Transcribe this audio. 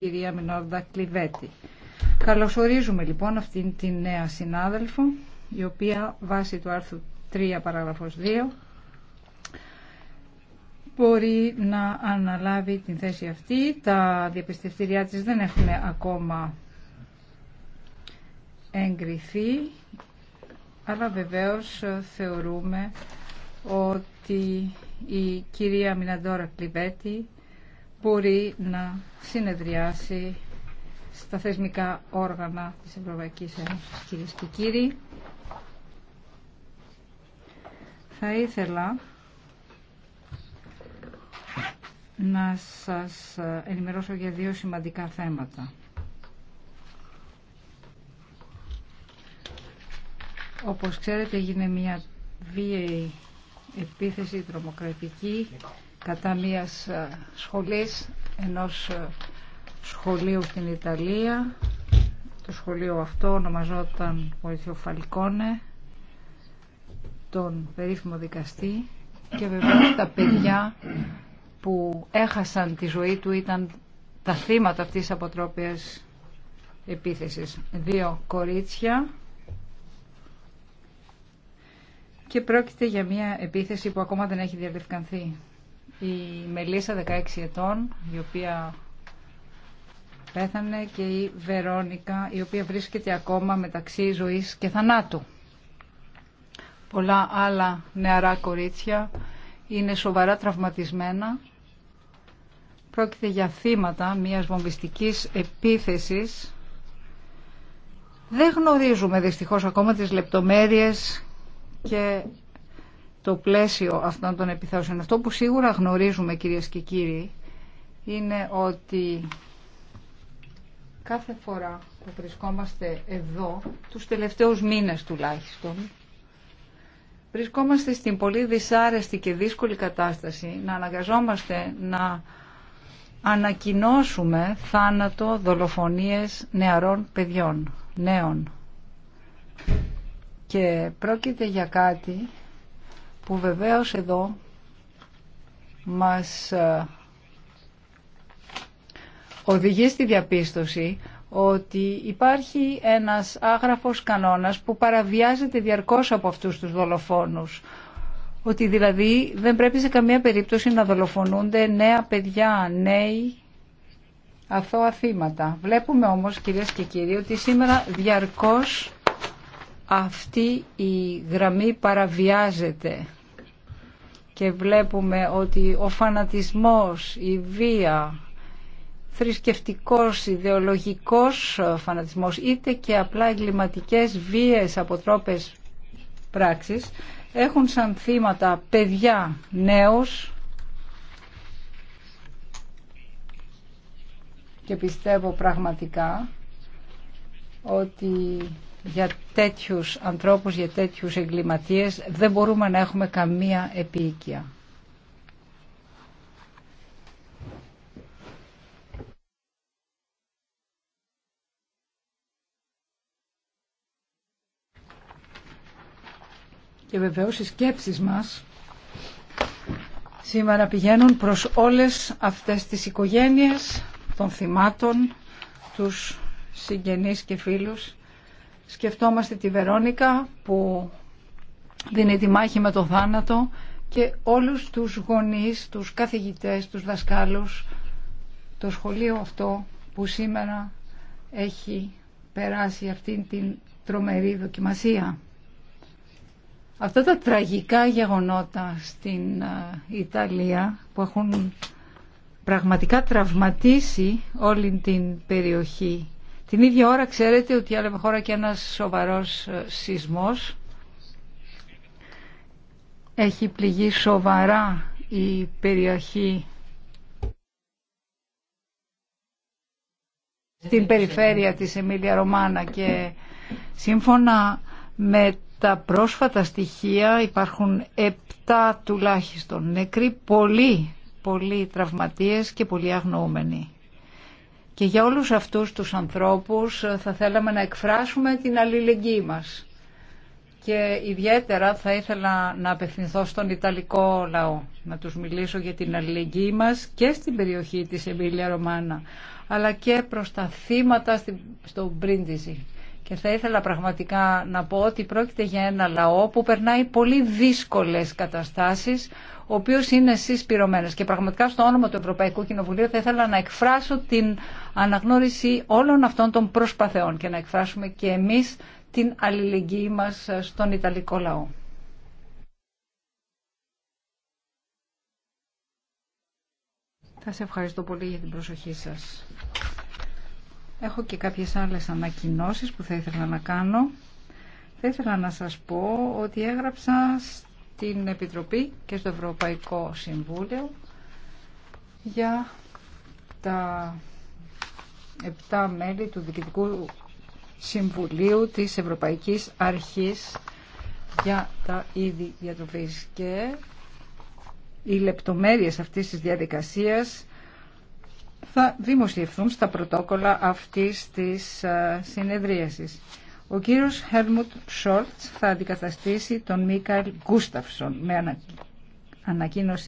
κυρία Μινόρδα Κλιβέτη. Καλωσορίζουμε λοιπόν αυτήν την νέα συνάδελφο, η οποία βάσει του άρθρου 3 παράγραφος 2 μπορεί να αναλάβει την θέση αυτή. Τα διαπιστευτήριά της δεν έχουν ακόμα εγκριθεί, αλλά βεβαίως θεωρούμε ότι η κυρία Μιναντόρα Κλειβέτη μπορεί να συνεδριάσει στα θεσμικά όργανα της Ευρωπαϊκής Ένωσης. Κυρίες και κύριοι, θα ήθελα να σας ενημερώσω για δύο σημαντικά θέματα. Όπως ξέρετε, έγινε μια βίαιη επίθεση τρομοκρατική κατά μιας ε, σχολής, ενός ε, σχολείου στην Ιταλία. Το σχολείο αυτό ονομαζόταν Βοηθιο Φαλκόνε, τον περίφημο δικαστή και βέβαια τα παιδιά που έχασαν τη ζωή του ήταν τα θύματα αυτής της αποτρόπιας επίθεσης. Δύο κορίτσια και πρόκειται για μια επίθεση που ακόμα δεν έχει διαλευκανθεί η Μελίσσα 16 ετών η οποία πέθανε και η Βερόνικα η οποία βρίσκεται ακόμα μεταξύ ζωής και θανάτου. Πολλά άλλα νεαρά κορίτσια είναι σοβαρά τραυματισμένα. Πρόκειται για θύματα μιας βομβιστικής επίθεσης. Δεν γνωρίζουμε δυστυχώς ακόμα τις λεπτομέρειες και το πλαίσιο αυτών των επιθέσεων. Αυτό που σίγουρα γνωρίζουμε κυρίες και κύριοι είναι ότι κάθε φορά που βρισκόμαστε εδώ, τους τελευταίους μήνες τουλάχιστον, βρισκόμαστε στην πολύ δυσάρεστη και δύσκολη κατάσταση να αναγκαζόμαστε να ανακοινώσουμε θάνατο δολοφονίες νεαρών παιδιών, νέων. Και πρόκειται για κάτι που βεβαίως εδώ μας ε, οδηγεί στη διαπίστωση ότι υπάρχει ένας άγραφος κανόνας που παραβιάζεται διαρκώς από αυτούς τους δολοφόνους. Ότι δηλαδή δεν πρέπει σε καμία περίπτωση να δολοφονούνται νέα παιδιά, νέοι, αθώα θύματα. Βλέπουμε όμως κυρίες και κύριοι ότι σήμερα διαρκώς αυτή η γραμμή παραβιάζεται και βλέπουμε ότι ο φανατισμός, η βία, θρησκευτικός, ιδεολογικός φανατισμός είτε και απλά εγκληματικές βίες αποτρόπες πράξεις έχουν σαν θύματα παιδιά, νέους και πιστεύω πραγματικά ότι για τέτοιους ανθρώπους, για τέτοιους εγκληματίες δεν μπορούμε να έχουμε καμία επίοικια. Και βεβαίως οι σκέψεις μας σήμερα πηγαίνουν προς όλες αυτές τις οικογένειες των θυμάτων, τους συγγενείς και φίλους Σκεφτόμαστε τη Βερόνικα που δίνει τη μάχη με το θάνατο και όλους τους γονείς, τους καθηγητές, τους δασκάλους, το σχολείο αυτό που σήμερα έχει περάσει αυτήν την τρομερή δοκιμασία. Αυτά τα τραγικά γεγονότα στην Ιταλία που έχουν πραγματικά τραυματίσει όλη την περιοχή την ίδια ώρα ξέρετε ότι άλλα χώρα και ένας σοβαρός ε, σεισμός. Έχει πληγεί σοβαρά η περιοχή στην περιφέρεια της Εμίλια Ρωμάνα και σύμφωνα με τα πρόσφατα στοιχεία υπάρχουν 7 τουλάχιστον νεκροί, πολλοί, πολλοί τραυματίες και πολλοί αγνοούμενοι. Και για όλους αυτούς τους ανθρώπους ε, θα θέλαμε να εκφράσουμε την αλληλεγγύη μας. Και ιδιαίτερα θα ήθελα να απευθυνθώ στον Ιταλικό λαό, να τους μιλήσω για την αλληλεγγύη μας και στην περιοχή της Εμπίλια Ρωμάνα, αλλά και προς τα θύματα στο Μπρίντιζι. Και θα ήθελα πραγματικά να πω ότι πρόκειται για ένα λαό που περνάει πολύ δύσκολες καταστάσεις, ο οποίος είναι συσπηρωμένος. Και πραγματικά στο όνομα του Ευρωπαϊκού Κοινοβουλίου θα ήθελα να εκφράσω την αναγνώριση όλων αυτών των προσπαθεών και να εκφράσουμε και εμείς την αλληλεγγύη μας στον Ιταλικό λαό. Θα σε ευχαριστώ πολύ για την προσοχή σας. Έχω και κάποιες άλλες ανακοινώσεις που θα ήθελα να κάνω. Θα ήθελα να σας πω ότι έγραψα στην Επιτροπή και στο Ευρωπαϊκό Συμβούλιο για τα επτά μέλη του Διοικητικού Συμβουλίου της Ευρωπαϊκής Αρχής για τα είδη διατροφής και οι λεπτομέρειες αυτής της διαδικασίας θα δημοσιευθούν στα πρωτόκολλα αυτής της ε, συνεδρίασης. Ο κύριος Χέρμουτ Σόλτ θα αντικαταστήσει τον Μίκαελ Γκούσταυσον με ανακοίνωση